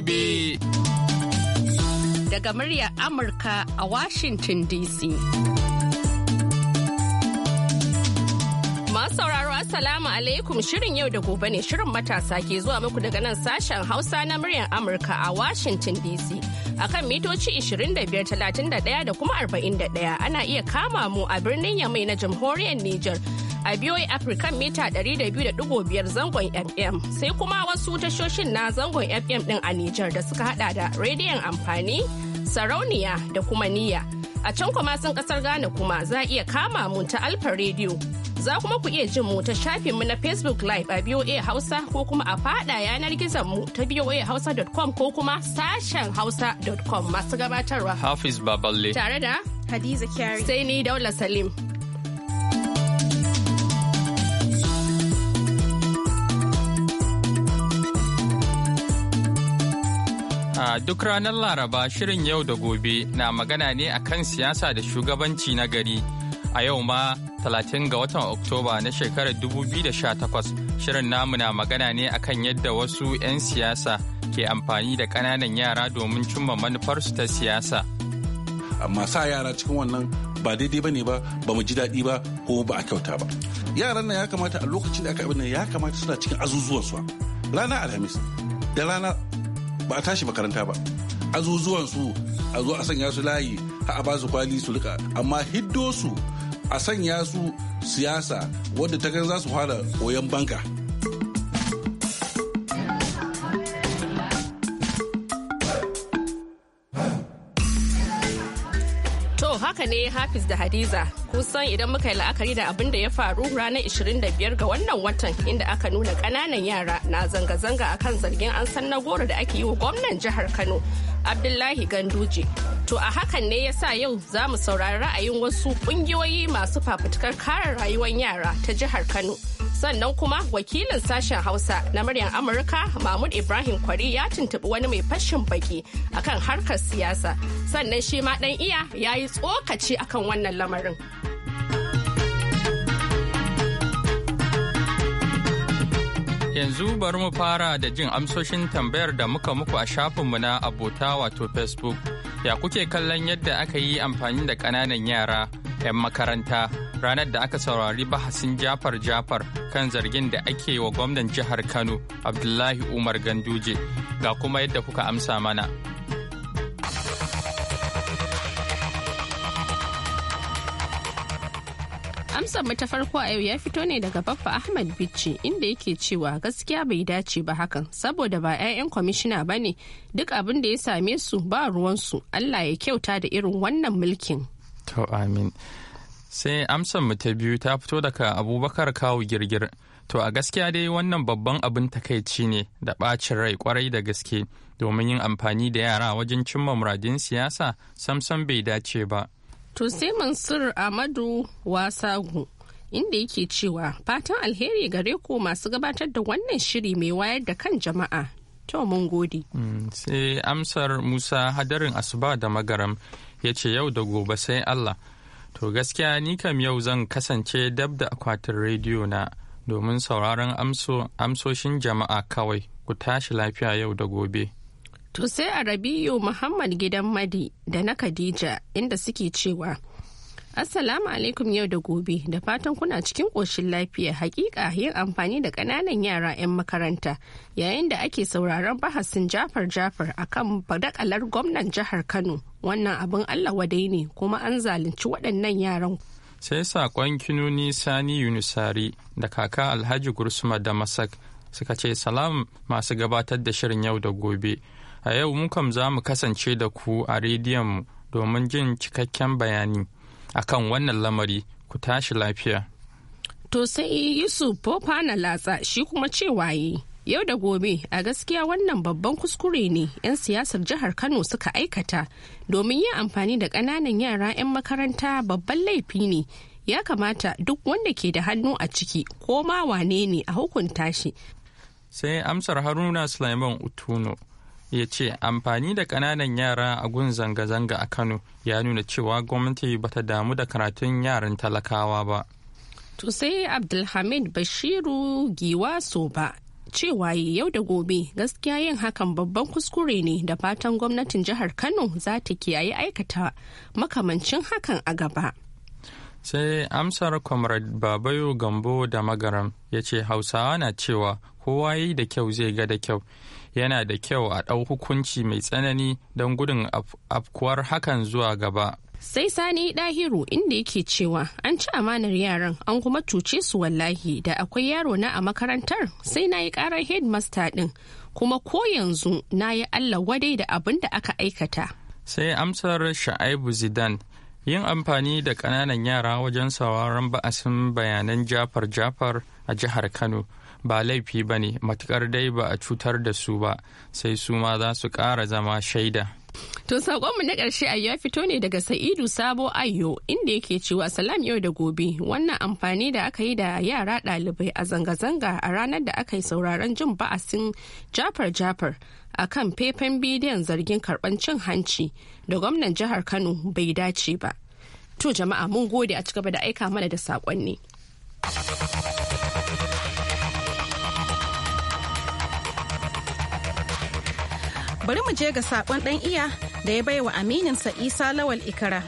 gobe. Daga muryar Amurka a Washington DC. Masu sauraro Assalamu alaikum shirin yau da gobe ne shirin matasa ke zuwa muku daga nan sashen Hausa na muryar Amurka a Washington DC. akan mitoci 31 da kuma 41 ana iya kama mu a birnin Yamai na jamhuriyar Nijar a BOA African mita 200.5 zangon FM sai kuma wasu tashoshin na zangon FM din a Nijar da suka hada da rediyon amfani, sarauniya da kuma niyya. A can kuma sun kasar Ghana kuma za a iya kama mu ta Alfa rediyo Za kuma ku iya jin mu ta shafin mu na Facebook Live a BOA Hausa ko kuma a fada yanar gizon mu ta boahausa.com ko kuma sashen hausa.com masu gabatarwa. Hafiz Baballe. Tare da Hadiza Kyari. Sai ni Daula Salim. A duk ranar Laraba shirin yau da gobe na magana ne akan siyasa da shugabanci na gari. A yau ma 30 ga watan Oktoba na shekarar 2018 shirin namu na magana ne akan yadda wasu 'yan siyasa ke amfani da kananan yara domin cimma manufarsu ta siyasa. Amma sa yara cikin wannan ba daidai ba ne ba ba mu ji daɗi ba ko ba a kyauta ba. Yaran nan ya kamata a lokacin da aka abin ya kamata suna cikin azuzuwansu. Rana Alhamis da rana ba a tashi makaranta ba azuzuwan su a zo a sanya su layi a ba su kwali su rika amma hiddo su a sanya su siyasa wadda ta za su fara koyon banka haka ne Hafiz da Hadiza. Kusan idan muka yi la'akari da abin da ya faru ranar 25 ga wannan watan inda aka nuna ƙananan yara na zanga-zanga a kan zargin an san na goro da ake yi wa gwamnan jihar Kano. Abdullahi Ganduje. To a hakan ne ya sa yau za mu saurari ra'ayin wasu ƙungiyoyi masu fafutukar kare rayuwar yara ta jihar Kano. Sannan kuma wakilin sashen Hausa na muryar Amurka Mahmud Ibrahim Kwari ya tuntuɓi wani mai fashin baki akan harkar siyasa. Sannan shi ma ɗan iya ya yi tsokaci akan wannan lamarin. Yanzu bari mu fara da jin amsoshin tambayar da muka muku a shafinmu na abota wato Facebook. Ya kuke kallon yadda aka yi amfani da ƙananan yara 'yan makaranta ranar da aka saurari bahasin Jafar Jafar kan zargin da ake wa gwamnan jihar Kano Abdullahi Umar Ganduje ga kuma yadda kuka amsa mana. Amsar mu ta farko a yau ya fito ne daga Baffa Ahmad Bicci inda yake cewa gaskiya bai dace ba hakan saboda ba 'ya'yan kwamishina ba ne duk abin da ya same su ba ruwansu Allah ya kyauta da irin wannan mulkin. To amin. Sai amsar mu ta biyu ta fito daga Abubakar Kawu Girgir. To a gaskiya dai wannan babban abin takaici ne da bacin rai kwarai da gaske domin yin amfani da yara wajen cimma muradin siyasa samsam bai dace ba. To sai Mansur Ahmadu Wasagu inda yake cewa fatan alheri gare ku masu gabatar da wannan shiri mai wayar da kan jama'a. To mun gode. Mm, sai amsar Musa hadarin asuba da magaram ya ce yau da gobe sai Allah. To gaskiya ni kam yau zan kasance dab da akwatin rediyo na domin sauraron amsoshin jama'a kawai ku tashi lafiya yau da gobe. To sai a Rabiu Muhammad Gidan Madi da na Khadija inda suke cewa Assalamu alaikum yau da gobe da fatan kuna cikin ƙoshin lafiya hakika yin amfani da ƙananan yara 'yan makaranta yayin da ake sauraron bahasin jafar jafar akan badakalar gwamnan jihar Kano wannan abin Allah wadai ne kuma an zalunci waɗannan yaran. Sai saƙon kinuni Sani Yunusari da kaka Alhaji Gursuma masak suka ce salam masu gabatar da shirin yau da gobe. A yau mun kam za mu kasance da ku a rediyonmu domin jin cikakken bayani akan wannan lamari ku tashi lafiya. To sai Yusuf na Latsa shi kuma ce waye Yau da gobe a gaskiya wannan babban kuskure ne 'yan siyasar jihar Kano suka aikata domin yin amfani da ƙananan yara 'yan makaranta babban laifi ne. Ya kamata duk wanda ke da hannu a ciki ko ma wane ne a hukunta shi. Sai amsar Haruna Sulaiman Utuno. ya ce amfani da ƙananan yara a gun zanga-zanga a kano ya nuna cewa gwamnati ba ta damu da karatun yaran talakawa ba to sai abdulhamid bashiru giwa ba cewa yau da gobe gaskiya yin hakan babban kuskure ne da fatan gwamnatin jihar kano za ta kiyaye aikata makamancin hakan a gaba sai amsar comrade babayo gambo da magaram ya ce hausawa na cewa kowa yi da kyau zai ga da kyau yana da kyau a ɗau hukunci mai tsanani don gudun afkuwar hakan zuwa gaba. sai sani ɗahiru inda yake cewa an ci amanar yaran an kuma cuce su wallahi da akwai yaro na a makarantar sai na yi ƙarar headmaster ɗin kuma ko yanzu na yi allah wadai da abin da aka aikata sai amsar sha'aibu zidan yin amfani da ƙananan yara wajen sauraron ba'asin bayanan jafar jafar a jihar kano ba laifi ba ne matukar dai ba a cutar da su ba sai su ma za su ƙara zama shaida To saƙonmu na ƙarshe a ya fito ne daga Sa'idu Sabo Ayo inda yake cewa salam yau da gobe wannan amfani da aka yi da yara ɗalibai a zanga-zanga a ranar da aka yi sauraron jin ba'asin jafar-jafar a kan faifan bidiyon zargin karɓar cin hanci da gwamnan jihar Kano bai dace ba. To jama'a mun gode a cigaba da aika mana da saƙonni. bari mu je ga sakon dan iya da ya baiwa aminin sa isa lawal ikara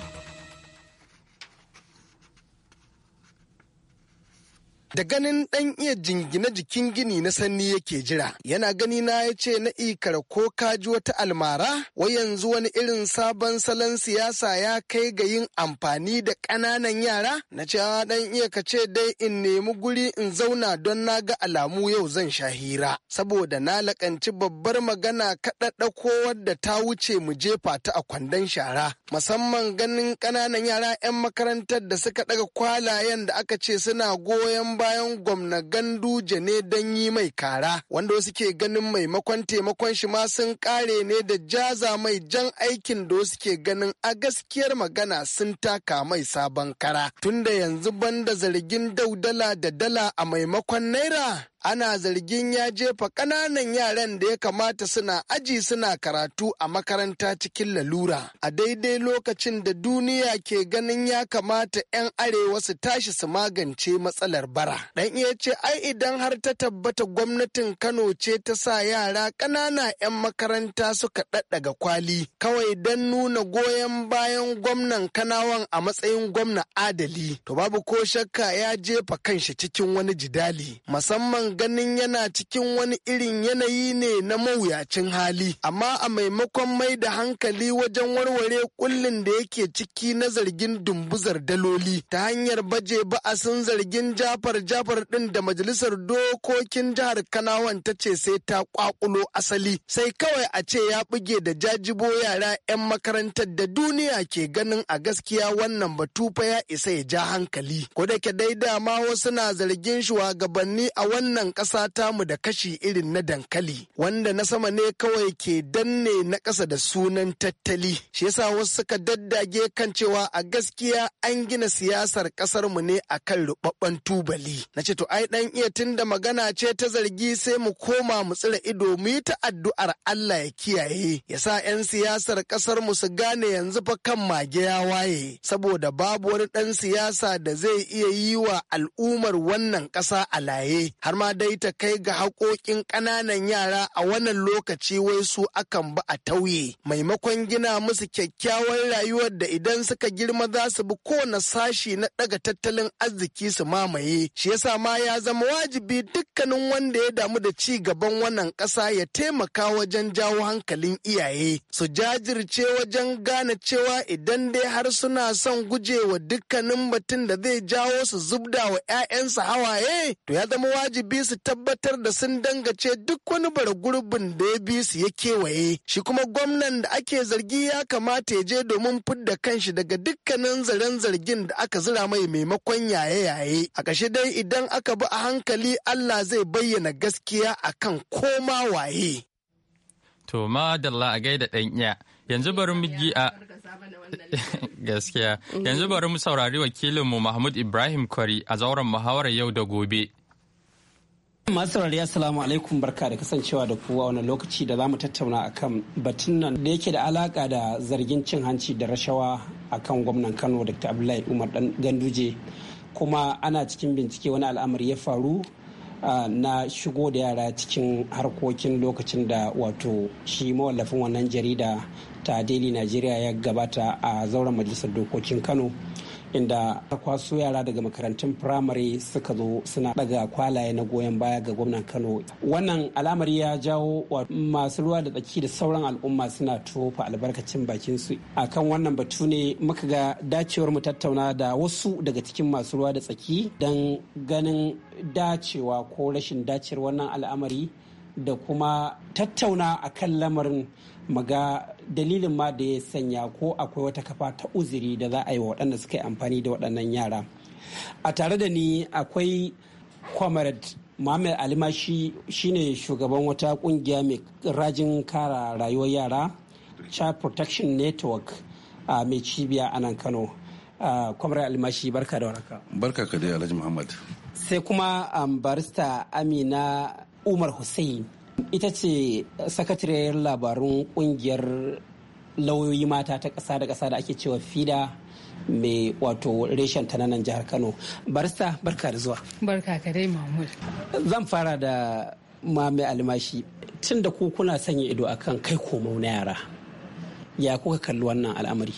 da ganin ɗan iya jingina jikin gini na sanni yake jira yana gani na ya ce na ikar ko kaji wata almara Wa yanzu wani irin sabon salon siyasa ya kai ga yin amfani da ƙananan yara na ce ɗan iya ka ce dai in nemi guri in zauna don na ga alamu yau zan sha hira saboda na lakanci babbar magana kaɗaɗa ko wadda ta wuce mu jefa ta a kwandon shara musamman ganin ƙananan yara 'yan makarantar da suka ɗaga kwalayen da aka ce suna goyon bayan gwamna gandu ne don yi mai kara wanda wasu ke ganin maimakon taimakon shi ma sun kare ne da jaza mai jan aikin da wasu ke ganin a gaskiyar magana sun taka mai sabon kara tunda yanzu banda zargin daudala da dala a maimakon naira ana zargin ya jefa ƙananan yaran da ya kamata suna aji suna karatu a makaranta cikin lalura a daidai lokacin da duniya ke ganin ya kamata 'yan arewa su tashi su magance matsalar bara dan iya ce ai idan har ta tabbata gwamnatin kano ce ta sa yara ƙanana 'yan makaranta suka ɗaɗɗaga kwali kawai don nuna goyon bayan gwamnan kanawan a matsayin gwamna adali to babu ko shakka ya jefa kanshi cikin wani jidali musamman ganin yana cikin wani irin yanayi ne na mawuyacin hali amma a maimakon mai da hankali wajen warware kullin da yake ciki na zargin dumbuzar daloli ta hanyar baje ba'asin zargin jafar jafar din da majalisar dokokin jihar kanawan ta ce sai ta kwakulo asali sai kawai a ce ya buge da jajibo yara 'yan makarantar da duniya ke ganin a gaskiya wannan batu fa ya isa ya ja hankali ko da ke dai dama wasu na zargin shugabanni a wannan wannan ƙasa mu da kashi irin na dankali wanda na sama ne kawai ke danne na ƙasa da sunan tattali shi yasa wasu suka daddage kan cewa a gaskiya an gina siyasar ƙasar mu ne akan rubabban tubali na ce to ai dan iya tunda magana ce ta zargi sai mu koma mu tsira ido mu yi ta addu'ar Allah ya kiyaye Yasa 'yan siyasar ƙasar mu su gane yanzu fa kan mage ya waye saboda babu wani ɗan siyasa da zai iya yi wa al'ummar wannan ƙasa alaye har ma dai ta kai ga haƙoƙin ƙananan yara a wannan lokaci wai su akan ba a tauye maimakon gina musu kyakkyawar rayuwar da idan suka girma za su bi kowane sashi na ɗaga tattalin arziki su mamaye shi yasa ma ya zama wajibi dukkanin wanda ya damu da ci gaban wannan ƙasa ya taimaka wajen jawo hankalin iyaye su jajirce wajen gane cewa idan dai har suna son gujewa dukkanin batun da zai jawo su zubda wa 'ya'yansa hawaye to ya zama wajibi su tabbatar da sun dangace duk wani bara gurbin da ya bi su ya kewaye shi kuma gwamnan da ake zargi ya kamata ya je domin fidda kanshi daga dukkanin zaren zargin da aka zira mai maimakon yaye-yaye a ƙashe dai idan aka bi a hankali Allah zai bayyana gaskiya akan koma waye. To ma dalla a gaida dan iya yanzu bari mu a gaskiya yanzu bari mu saurari wakilinmu Mahmud Ibrahim Kwari a zauren muhawarar yau da gobe. masu rari assalamu alaikum barka da kasancewa da kowa wani lokaci da zamu tattauna akan batun nan da yake da alaka da zargin cin hanci da rashawa a kan gwamnan kano dr abdullahi umar dan ganduje kuma ana cikin bincike wani al'amari ya faru na shigo da yara cikin harkokin lokacin da wato shi mawallafin wannan jarida ta daily nigeria ya gabata a zauren majalisar dokokin kano inda ta kwaso yara daga makarantun firamare suka zo suna daga kwalaye na goyon baya ga gwamnan kano wannan alamari ya jawo wa. masu ruwa da tsaki da sauran al'umma suna tofa albarkacin bakin su akan wannan batu ne muka ga dacewar mu tattauna da wasu daga cikin masu ruwa da tsaki don ganin dacewa ko rashin dacewar wannan al'amari da kuma tattauna akan lamarin maga dalilin ma da ya sanya ko akwai wata kafa ta uzuri da za a yi wa waɗanda suka yi amfani da waɗannan yara a tare da ni akwai comrade Muhammad alimashi shi shine shugaban wata ƙungiya mai rajin kara rayuwar yara Child Protection Network a mai cibiya a nan Kano. Kwamrar alimashi barka da waraka. Barka ka dai Alhaji Muhammad. Sai kuma um, barista Amina Umar Hussein ita ce sakatariyar labarun kungiyar lauyoyi mata ta kasa da kasa da ake cewa fida mai wato reshen ta nan jihar kano barista barka da zuwa barka ka dai mahmud zan fara da mai almashi tun da ku kuna sanya ido akan kai koma na yara ya kuka kalli wannan al'amari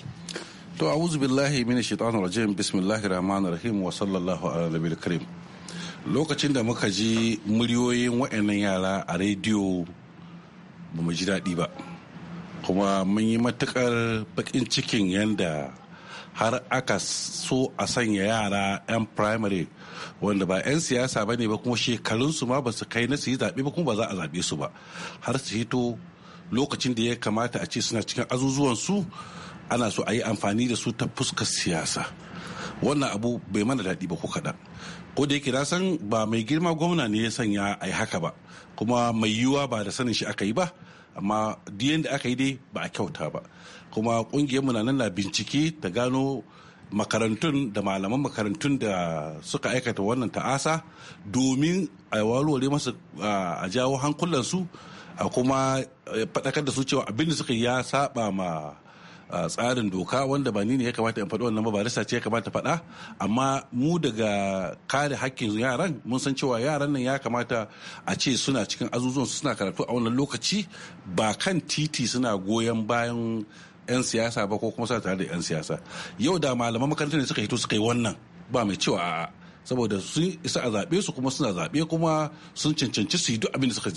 to a'udhu billahi mini shaitanir rajim bismillahir rahmanir rahim wa sallallahu ala karim lokacin da muka ji muryoyin waɗannan yara a rediyo ba mu ji daɗi ba kuma mun yi matuƙar baƙin cikin yadda har aka so a sanya yara 'yan primary wanda ba 'yan siyasa ba ne ba kuma shekarunsu ma ba su kai na su yi zaɓe ba kuma ba za a zaɓe su ba har su hito lokacin da ya kamata a ce suna cikin azuzuwan su ana so a yi amfani da su ta fuskar siyasa wannan abu bai mana daɗi ba ko kaɗan ko da yake na san ba mai girma gwamna ne ya sanya a haka ba kuma mai yiwuwa ba da sanin shi aka yi ba amma diyan da aka yi dai ba a kyauta ba kuma ƙungiyarmu na nan na bincike ta gano makarantun da malaman makarantun da suka aikata wannan ta'asa domin a walwale masu a jawo hankulansu a kuma eh, faɗakar da su cewa abin da suka ya saba ma tsarin doka wanda ba ni ne ya kamata in faɗi wannan ba barista ce ya kamata faɗa amma mu daga kare hakkin yaran mun san cewa yaran nan ya kamata a ce suna cikin azuzuwan suna karatu a wannan lokaci ba kan titi suna goyon bayan 'yan siyasa ba ko kuma suna tare da 'yan siyasa yau da malaman makarantar ne suka hito suka yi wannan ba mai cewa a'a saboda sun isa a zaɓe su kuma suna zaɓe kuma sun cancanci su yi duk abin da suka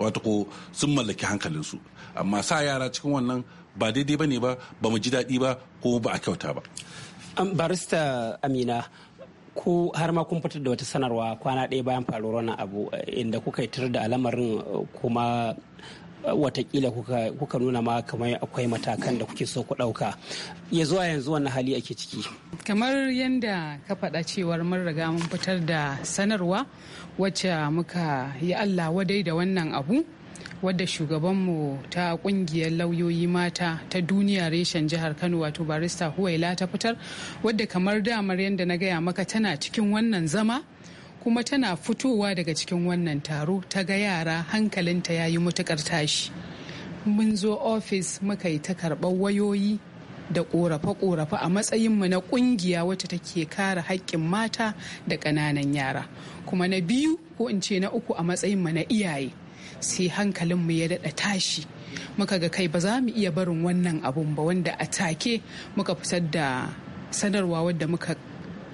wato ko sun mallaki hankalinsu amma sa yara cikin wannan ba daidai ba ne ba ba mu ji daɗi ba ko ba a kyauta ba barista amina ku har ma kun fitar da wata sanarwa kwana ɗaya bayan faruwar wannan abu eh, inda kuka yi tar da alamarin eh, kuma eh, watakila kuka nuna ma kamar akwai matakan da kuke so ku ɗauka ya zuwa yanzu wannan hali ake ciki kamar yadda ka faɗa cewar mun riga mun fitar da sanarwa wacce muka yi allah wadai da wannan abu wadda shugabanmu ta kungiyar lauyoyi mata ta duniya reshen jihar kano wato barista huwaila ta fitar wadda kamar damar yadda na gaya maka tana cikin wannan zama kuma tana fitowa daga cikin wannan taro ta ga yara hankalinta ya yi matukar tashi mun zo ofis muka yi ta karɓar wayoyi da ƙorafe-ƙorafe a matsayinmu na ƙungiya wacce take kare haƙƙin mata da ƙananan yara kuma na biyu ko in ce na uku a matsayinmu na iyaye sai hankalinmu ya daɗa tashi muka ga kai ba za mu iya barin wannan abun ba wanda a take muka fitar da sanarwa wadda muka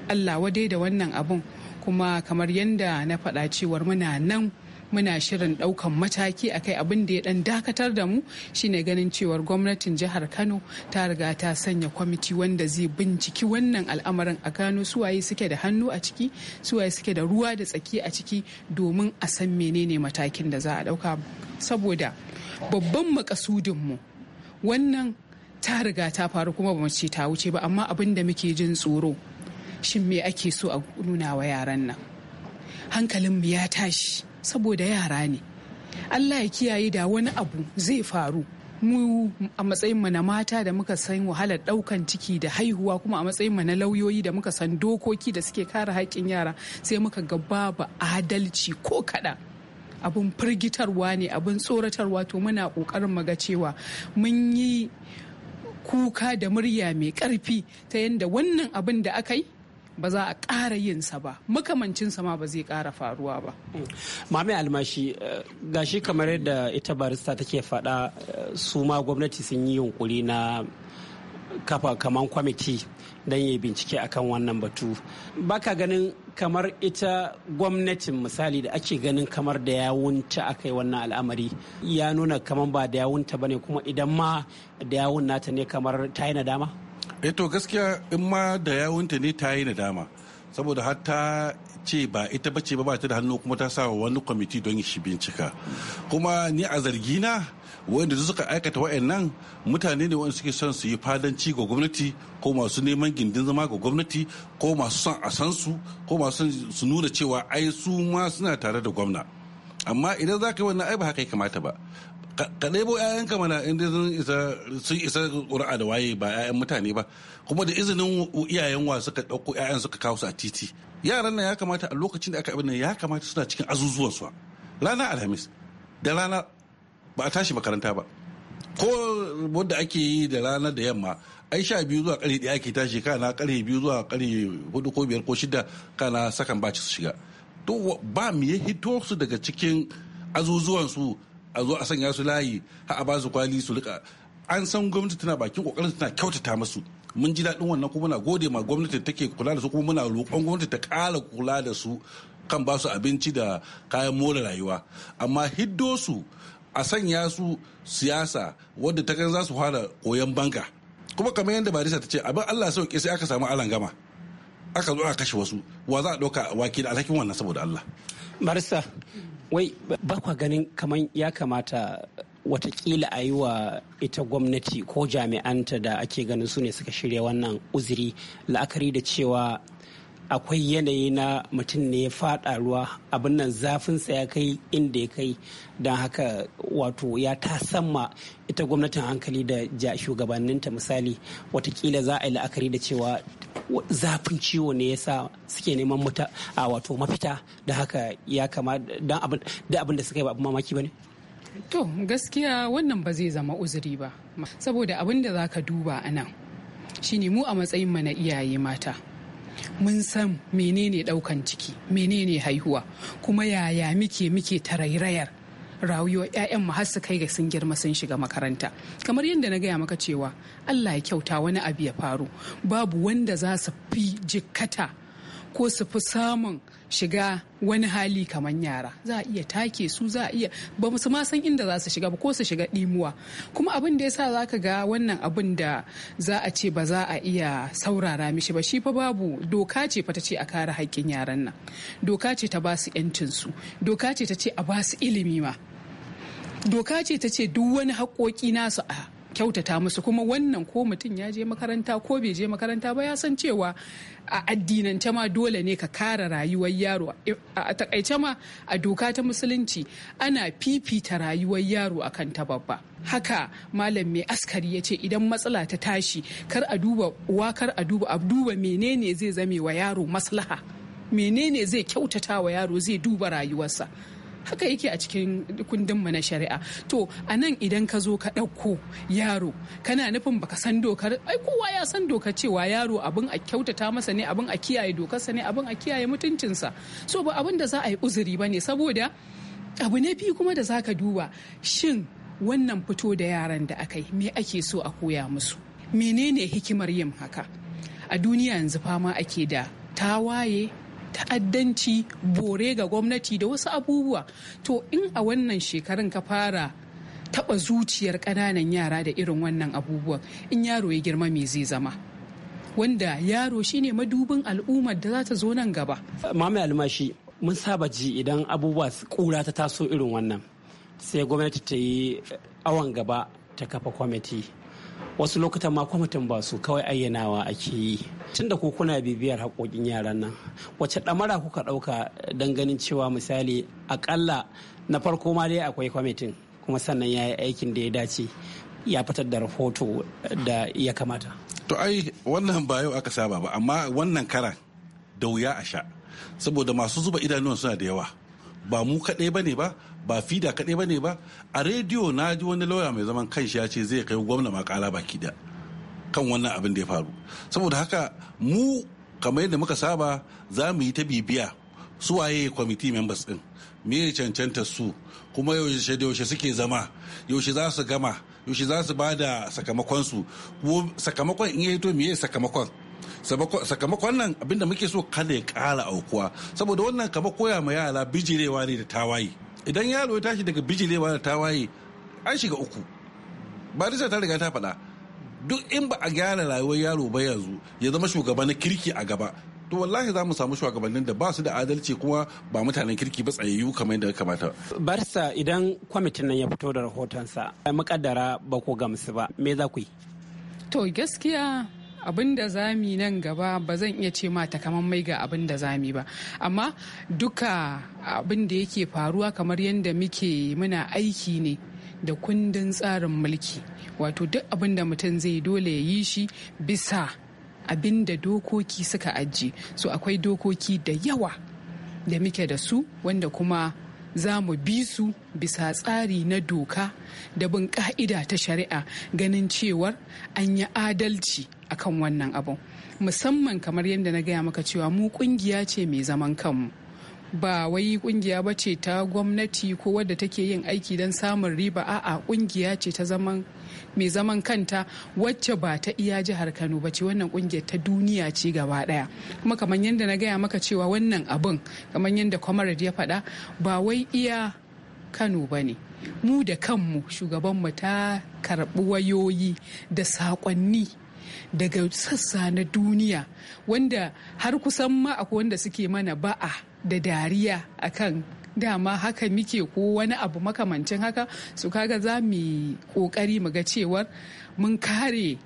allawa dai da wannan abun kuma kamar yadda na faɗa cewar muna nan muna shirin daukan mataki akai abin da ya dan dakatar da mu shine ganin cewar gwamnatin jihar Kano ta riga ta sanya kwamiti wanda zai binciki wannan al'amarin a gano suwaye suke da hannu a ciki suwaye suke da ruwa da tsaki a ciki domin a san menene matakin da za a dauka saboda babban makasudin mu wannan ta riga ta faru kuma ba ce ta wuce ba amma abin da muke jin tsoro shin me ake so a nuna wa yaran nan hankalinmu ya tashi saboda yara ne allah ya kiyaye da wani abu zai faru mu a matsayinmu na mata da muka san wahalar daukan ciki da haihuwa kuma a matsayinmu na lauyoyi da muka san dokoki da suke kare haƙƙin yara sai muka ga babu adalci ko kaɗan Abun firgitarwa ne abin tsoratarwa to muna ƙoƙarin ga cewa mun yi kuka da murya mai ƙarfi ta yadda wannan abin da aka yi ba za a ƙara yin sa ba makamancin sa ma ba zai ƙara faruwa ba mami almashi eh, gashi kamar yadda ita barista take faɗa eh, su ma gwamnati sun yi yunkuri na kafa kamar kwamiti don yi bincike akan wannan batu baka ganin kamar ita gwamnatin misali da ake ganin kamar da yawunta aka yi wannan al'amari ya nuna kamar ba da yawunta bane kuma idan ma da yawun nata ne kamar ta yi nadama eto eh, gaskiya in ma da yawunta ne ta yi nadama saboda har ta ce ba ita bace ba ba ta da hannu kuma ta sa wani kwamiti don shi bincika kuma ni a zargina wanda su suka aikata wayannan mutane ne wanda suke son su yi fadanci ga gwamnati ko masu neman gindin zama ga gwamnati ko masu son a san su ko masu su nuna cewa ai su ma suna tare da gwamna amma idan za ka yi wannan ai ba haka ya kamata ba ka ɗebo 'ya'yanka mana inda sun isa sun isa ƙura'a da waye ba 'ya'yan mutane ba kuma da izinin iyayen wa suka ɗauko 'ya'yan suka kawo su a titi yaran nan ya kamata a lokacin da aka abin nan ya kamata suna cikin azuzuwan su ranar alhamis da rana ba a tashi makaranta ba ko wanda ake yi da ranar da yamma ai sha biyu zuwa ƙarfe ɗaya ake tashi kana ƙarfe biyu zuwa ƙarfe hudu ko biyar ko shida kana sakan baci su shiga to ba mu ya hito su daga cikin azuzuwan su a zo a sanya su layi har a ba su kwali su rika an san gwamnati tana bakin kokarin tana kyautata musu mun ji daɗin wannan kuma muna gode ma gwamnati ta take kula da su kuma muna roƙon gwamnati ta ƙara kula da su kan ba su abinci da kayan more rayuwa amma hiddo su a sanya su siyasa wadda ta za su fara koyon banka kuma kamar yadda barisa ta ce abin allah sauke sai aka samu alangama aka zo aka kashe wasu wa za a ɗauka wakil alhakin wannan saboda allah barisa wai ba ganin kamar ya kamata watakila a yi wa ita gwamnati ko jami'anta da ake ganin su ne suka shirya wannan uzuri la'akari da cewa akwai yanayi na mutum ne ya fada ruwa abin nan zafinsa ya kai inda ya kai don haka wato ya tasamma ita gwamnatin hankali da ja shugabanninta misali watakila za a yi la'akari da cewa zafin ciwo ne yasa suke neman muta a wato mafita da haka ya kama da abin da suka yi ba mamaki ba ne to gaskiya wannan ba zai zama uzuri ba saboda abin da za ka duba a nan shine mu a matsayin mana iyaye mata mun san menene daukan ciki menene haihuwa kuma yaya muke muke tarairayar rayuwar 'ya'yan mu har su kai ga sun girma sun shiga makaranta kamar yadda na gaya maka cewa allah ya kyauta wani abu ya faru babu wanda za su fi jikkata ko su fi samun shiga wani hali kamar yara za a iya take su za a iya ba su ma san inda za su shiga ba ko su shiga ɗimuwa kuma abin da ya sa za ka ga wannan abin da za a ce ba za a iya saurara mishi ba shi fa babu doka ce fa ta ce a kare haƙƙin yaran nan doka ce ta ba su su doka ce ta ce a ba su ilimi ma doka ce ta ce duk wani haƙoƙi nasu a kyautata musu kuma wannan ko mutum ya je makaranta ko bai je makaranta ba ya san cewa a addinance ma dole ne ka kara rayuwar yaro a takaice ma a doka ta musulunci ana fifita rayuwar yaro akan ta babba haka malam mai askari ya ce idan matsala ta tashi kar a duba uwa kar a duba a duba menene zai zame wa yaro maslaha menene zai kyautata wa yaro zai duba rayuwarsa haka yake a cikin kundinmu na shari'a to a nan idan ka zo ka ɗauko yaro kana nufin baka san dokar ai kowa ya san dokar cewa yaro abin a kyautata masa ne abin a kiyaye dokarsa ne abin a kiyaye mutuncinsa so ba abin da za a yi uzuri ba ne saboda abu ne biyu kuma da za ka duba shin wannan fito da yaran da aka yi me ake so a koya musu menene hikimar yin haka a duniya yanzu fama ake da tawaye ta'addanci bore ga gwamnati da wasu abubuwa to in a wannan shekarun ka fara taba zuciyar ƙananan yara da irin wannan abubuwan in yaro ya girma me zai zama wanda yaro shine madubin al'ummar da za ta zo nan gaba mami almashi mun saba ji idan abubuwa kura ta taso irin wannan sai gwamnati ta yi eh, awon gaba ta kafa kwamiti wasu lokutan ma kwamitin ba su kawai ayyanawa ake yi tun da kuna bibiyar haƙoƙin yaran nan wace ɗamara kuka ɗauka don ganin cewa misali aƙalla na farko ma dai akwai kwamitin kuma sannan ya yi aikin da ya dace ya fitar da rahoto da ya kamata to ai wannan ba yau aka saba ba amma wannan karan da wuya a sha saboda masu zuba idanuwan suna da yawa ba mu kaɗai ba ne ba ba fida kaɗai ba ne ba a rediyo na ji wani lauya mai zaman kanshi ya ce zai kai gwamna makala baki da kan wannan abin da ya faru saboda haka mu kamar yadda muka saba za mu yi ta bibiya su waye kwamiti members din me ya cancanta su kuma yaushe da yaushe suke zama yaushe za su gama yaushe za su ba da sakamakonsu sakamakon in ya to me ya sakamakon sakamakon nan abinda muke so kada ya kara aukuwa saboda wannan kama koya ma yara bijirewa ne da tawaye idan yaro ya tashi daga bijirewa da tawaye an shiga uku barisa ta riga ta faɗa duk in ba a gyara rayuwar yaro ba yanzu ya zama shugaba na kirki a gaba to wallahi za mu samu shugabannin da ba su da adalci kuma ba mutanen kirki ba tsayayyu kamar yadda kamata. barsa idan kwamitin nan ya fito da rahotonsa mukaddara ba ku gamsu ba me za ku yi to gaskiya abin da zami nan gaba ba zan iya ce mata kamar mai ga abin da zami ba amma duka abin da yake faruwa kamar yadda muke muna aiki ne da kundin tsarin mulki wato duk abin da mutum zai dole ya yi shi bisa abin da dokoki suka ajiye so akwai dokoki da yawa da muke da su wanda kuma za mu bi su bisa tsari na doka da bin ka'ida ta shari'a ganin cewar an yi adalci akan wannan abu musamman kamar yadda na gaya maka cewa mu kungiya ce mai zaman kanmu ba wai kungiya ba ce ta gwamnati ko wadda take yin aiki don samun riba a'a kungiya ce ta zaman mai zaman kanta wacce ba ta iya jihar Kano ba ce wannan kungiyar ta duniya ce gaba daya kuma kamar yadda na gaya maka cewa wannan abin kamar yadda Comrade ya faɗa ba wai iya Kano ba ne mu da kanmu shugabanmu ta karɓi wayoyi da saƙonni daga sassa na duniya wanda har kusan ma akwai wanda suke mana ba'a da dariya akan dama haka muke ko wani abu makamancin haka su kaga za mu yi kokari mu ga cewar mun kare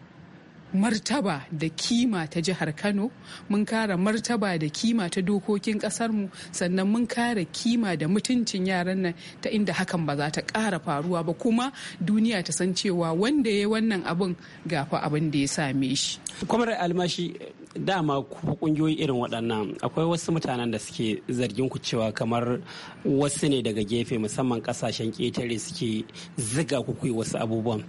martaba da kima ta jihar kano mun kare martaba da kima ta dokokin mu sannan mun kare kima da mutuncin yaran nan ta inda hakan ba za ta kara faruwa ba kuma duniya ta san cewa wanda ya yi wannan abin gafa abin da ya same shi kwamar almashi dama ku kungiyoyi irin waɗannan akwai wasu mutanen da suke zargin ku cewa kamar wasu ne daga gefe musamman ƙasashen ƙetare suke ziga ku kuyi wasu abubuwan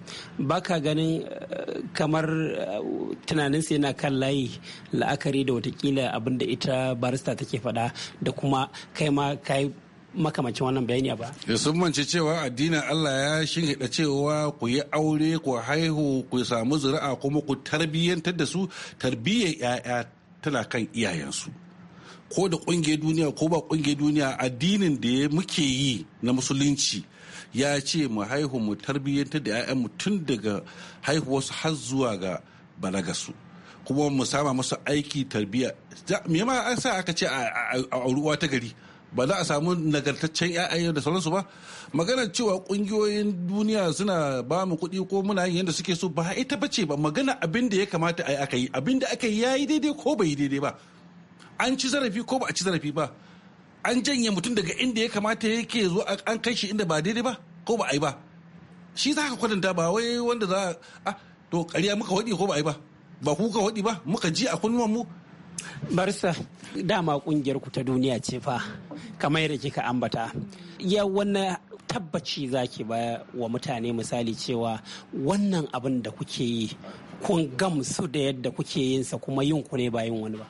ka ganin eh, kamar eh, tunanin su yana kan layi la'akari da watakila abinda ita barista take faɗa da kuma kai ma kai makamancin wannan bayani ba. Ya sun mance cewa addinin Allah ya shiryaɗa cewa ku yi aure ku haihu ku samu zuri'a kuma ku tarbiyyantar da su tarbiyyar 'ya'ya tana kan iyayensu. Ko da ƙungiyar duniya ko ba ƙungiyar duniya addinin da muke yi na musulunci ya ce mu haihu mu tarbiyyantar da 'ya'yanmu tun daga haihuwarsu har zuwa ga balagasu. kuma mu sama masu aiki tarbiyya me ma an sa aka ce a ruwa ta gari ba za a samu nagartaccen 'ya'ya da sauransu ba maganar cewa kungiyoyin duniya suna ba mu kuɗi ko muna yin yadda suke so ba ita bace ba magana abin da ya kamata a yi aka yi abin da aka yi ya yi daidai ko bai yi daidai ba an ci zarafi ko ba a ci zarafi ba an janye mutum daga inda ya kamata yake zo an kai shi inda ba daidai ba ko ba a yi ba shi za ka kwatanta ba wai wanda za a to ƙarya muka waɗi ko ba a yi ba ba ku waɗi ba muka ji a kunnuwan mu barsa dama kungiyar ta duniya ce fa kamar yadda kika ambata ya wannan tabbaci zaki ba wa mutane misali cewa wannan abin da kuke yi kun gamsu da yadda kuke yinsa kuma yin ku ne bayan wani ba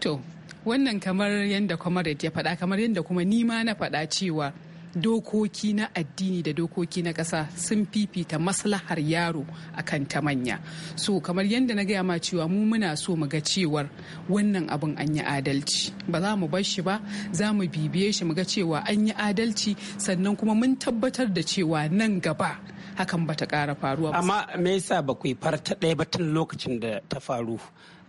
to wannan kamar yadda comrade ya faɗa kamar yadda kuma nima na faɗa cewa dokoki na addini da dokoki na ƙasa sun fifita maslahar yaro akan ta manya so kamar yadda na gaya ma cewa mu muna so mu ga cewar wannan abin an yi adalci ba za mu bar shi ba za mu bibiye shi mu ga cewa an yi adalci sannan kuma mun tabbatar da cewa nan gaba hakan ba ta ƙara faruwa amma me yasa ba ku yi farta ɗaya ba tun lokacin da ta faru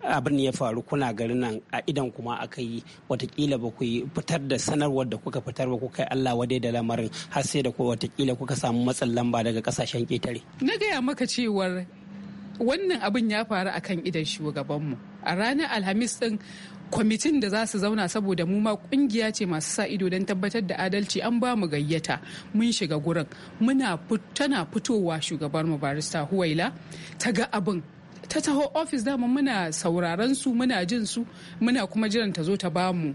abin ya faru kuna garin nan a idan kuma aka yi watakila ba ku fitar da sanarwar da kuka fitar ba kuka Allah wadai da lamarin har sai da ku watakila kuka samu matsin lamba daga kasashen ketare. Na gaya maka cewar wannan abin ya faru akan idan shugabanmu a ranar alhamis din kwamitin da za su zauna saboda mu ma kungiya ce masu sa ido don tabbatar da adalci an ba mu gayyata mun shiga gurin muna tana fitowa shugabar mu barista huwaila ta ga abin ta taho ofis dama muna sauraron su muna jin su muna kuma jiran ta zo ta bamu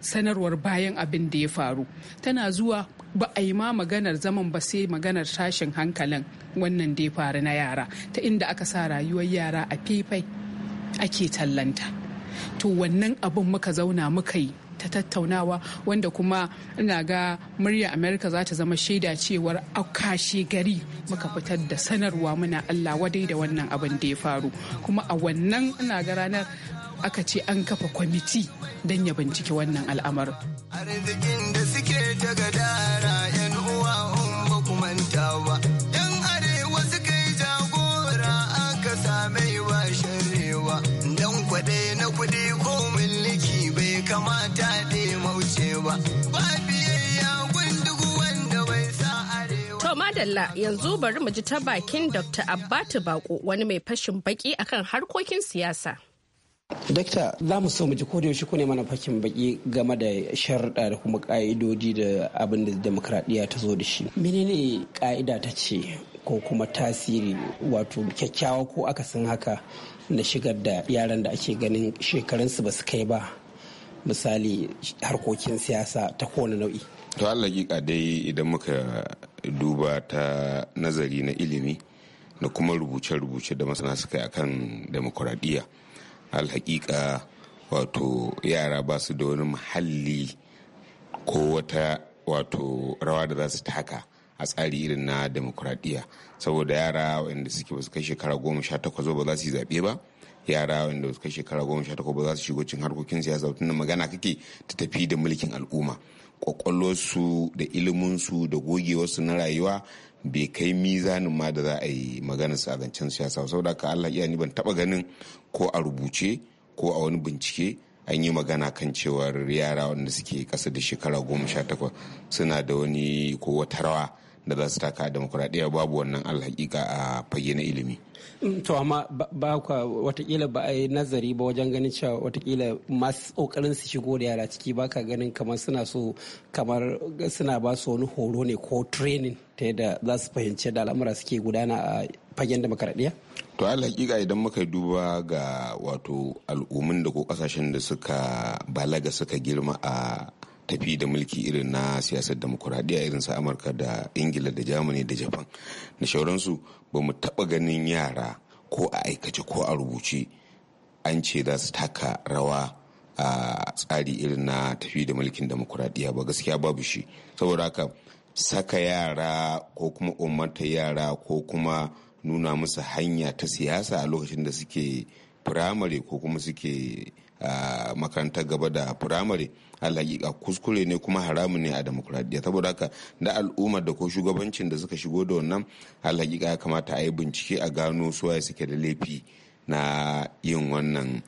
sanarwar bayan abin da ya faru tana zuwa ba a yi ma maganar zaman ba sai maganar tashin hankalin wannan da ya faru na yara ta inda aka sa rayuwar yara a faifai ake tallanta to wannan abin muka zauna muka yi ta tattaunawa wanda kuma ina ga murya amerika za ta zama shaida cewar kashe gari muka fitar da sanarwa muna allah wadai da wannan abin da ya faru kuma a wannan ina ga ranar aka ce an kafa kwamiti don ya binciki wannan al'amarin. Arzikin da suke madalla yanzu bari mu ji ta bakin Dr. Abbatu Bako wani mai fashin baki akan harkokin siyasa. Dakta za mu so mu ji koda yaushe ne mana fakin baki game da sharɗa da kuma ƙa'idodi da abin da demokradiyya ta zo da shi. Menene ƙa'ida ta ce ko kuma tasiri wato kyakkyawa ko aka akasin haka na shigar da yaran da ake ganin shekarunsu ba su kai ba misali harkokin siyasa ta kowane nau'i. to allakika dai idan muka duba ta nazari na ilimi da kuma rubuce-rubuce da masana suka yi akan demokuraɗiyya alhaƙiƙa wato yara ba su da wani muhalli ko wata wato rawa da za su taka a tsari irin na demokuraɗiyya saboda yara waɗanda suke ba su kai shekara goma sha takwas ba za su yi zaɓe ba yara waɗanda ba su kai shekara goma sha takwas ba za su shigo cin harkokin siyasa tun da magana kake ta tafi da mulkin al'umma kwakwalwarsu da iliminsu da gogewarsu na rayuwa bai kai mizanin ma da za a yi maganar su a zancen siyasa da ka Allah iya ni ban taba ganin ko a rubuce ko a wani bincike an yi magana kan cewar yara wanda suke kasa da shekara goma sha takwas suna da wani ko wata rawa da za su taka demokuraɗiyya babu wannan alhaƙiƙa a fage na ilimi. Mm, to amma ba kwa watakila ba a yi nazari ba wajen ganin cewa watakila masu kokarin su shigo da yara ciki ba ka ganin kamar suna so kamar suna ba su wani horo ne ko training ta yadda za su fahimci da al'amura suke gudana a fagen demokaradiyya? to al hakika idan muka yi duba ga wato al'ummin da ko kasashen da suka balaga suka girma a tafi da mulki irin na siyasar demokuraɗiyya irin su amurka da ingila da jamani da japan da shauransu ba mu taɓa ganin yara ko a aikace ko a rubuce an ce za su taka rawa a tsari irin na tafi da mulkin demokuraɗiyya ba gaskiya babu shi saboda haka saka yara ko kuma umarta yara ko kuma nuna musu hanya ta siyasa a lokacin da suke firamare ko kuma suke ah, makarantar gaba da firamare alhakika kuskure ne kuma haramun ne a demokuraɗiyya saboda haka da al'ummar da ko shugabancin da suka shigo da wannan alhakika ya kamata a yi bincike a gano suwaye suke da laifi na yin wannan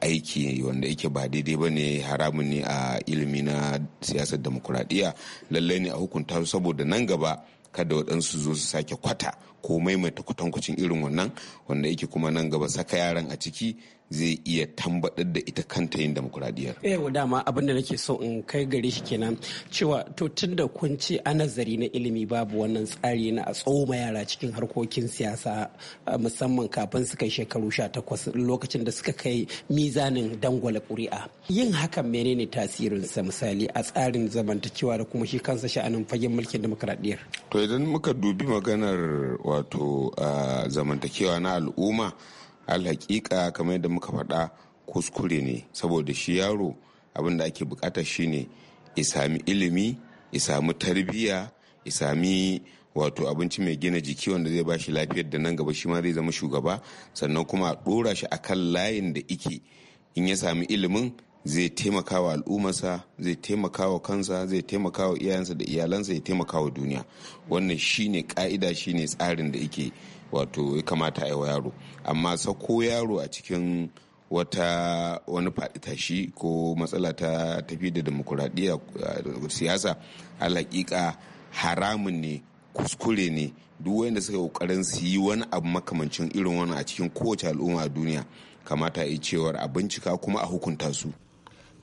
aiki wanda yake ba daidai ba ne haramu ne a ilimi na siyasar demokuraɗiyya lallai ne a hukunta su saboda nan gaba kada waɗansu zo su sake kwata ko maimaita kwatankwacin irin wannan wanda yake kuma nan gaba saka yaran a ciki zai iya tambaɗar da ita kanta yin demokuraɗiyyar. yau eh, dama abin da nake so in kai gare shi kenan cewa to tun da kun ce a nazari na ilimi babu wannan tsari na a tsoma yara cikin harkokin siyasa musamman kafin su kai shekaru sha takwas lokacin da suka kai mizanin dangwala ƙuri'a. Yin hakan menene tasirinsa misali a tsarin zamantakewa da kuma shi kansa sha'anin fagen mulkin demokuraɗiyar. To idan muka dubi maganar wato zamantakewa na al'umma alhaƙiƙa kamar yadda muka faɗa kuskure ne saboda shi yaro abin da ake bukata shine ya sami ilimi ya sami tarbiyya ya sami wato abinci mai gina jiki wanda zai ba shi lafiyar da nan gaba shi ma zai zama shugaba sannan kuma a ɗora shi a kan layin da ike in ya sami ilimin zai taimaka wa al'ummarsa zai taimaka wa kansa zai taimaka wa iyayensa da iyalansa ya taimaka wa duniya wannan shine ka'ida shine tsarin da ike wato ya kamata a yi wa yaro amma sako yaro a cikin wata wani faɗi tashi ko matsala ta tafi da demokuraɗiyya eh, siyasa alaƙiƙa haramun ne kuskure ne duk wanda suka kokarin su yi wani abu makamancin irin wani a cikin kowace al'umma a duniya kamata a yi cewar a bincika kuma a hukunta su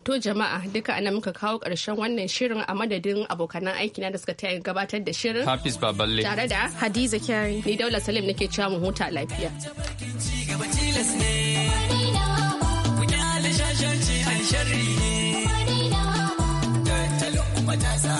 To jama'a duka ana muka kawo ƙarshen wannan shirin a madadin abokanan aikina da suka taya gabatar da shirin. Hafiz Baballe. Tare da Hadiza Kyari. Ni Daula Salim nake cewa mu huta lafiya. Ku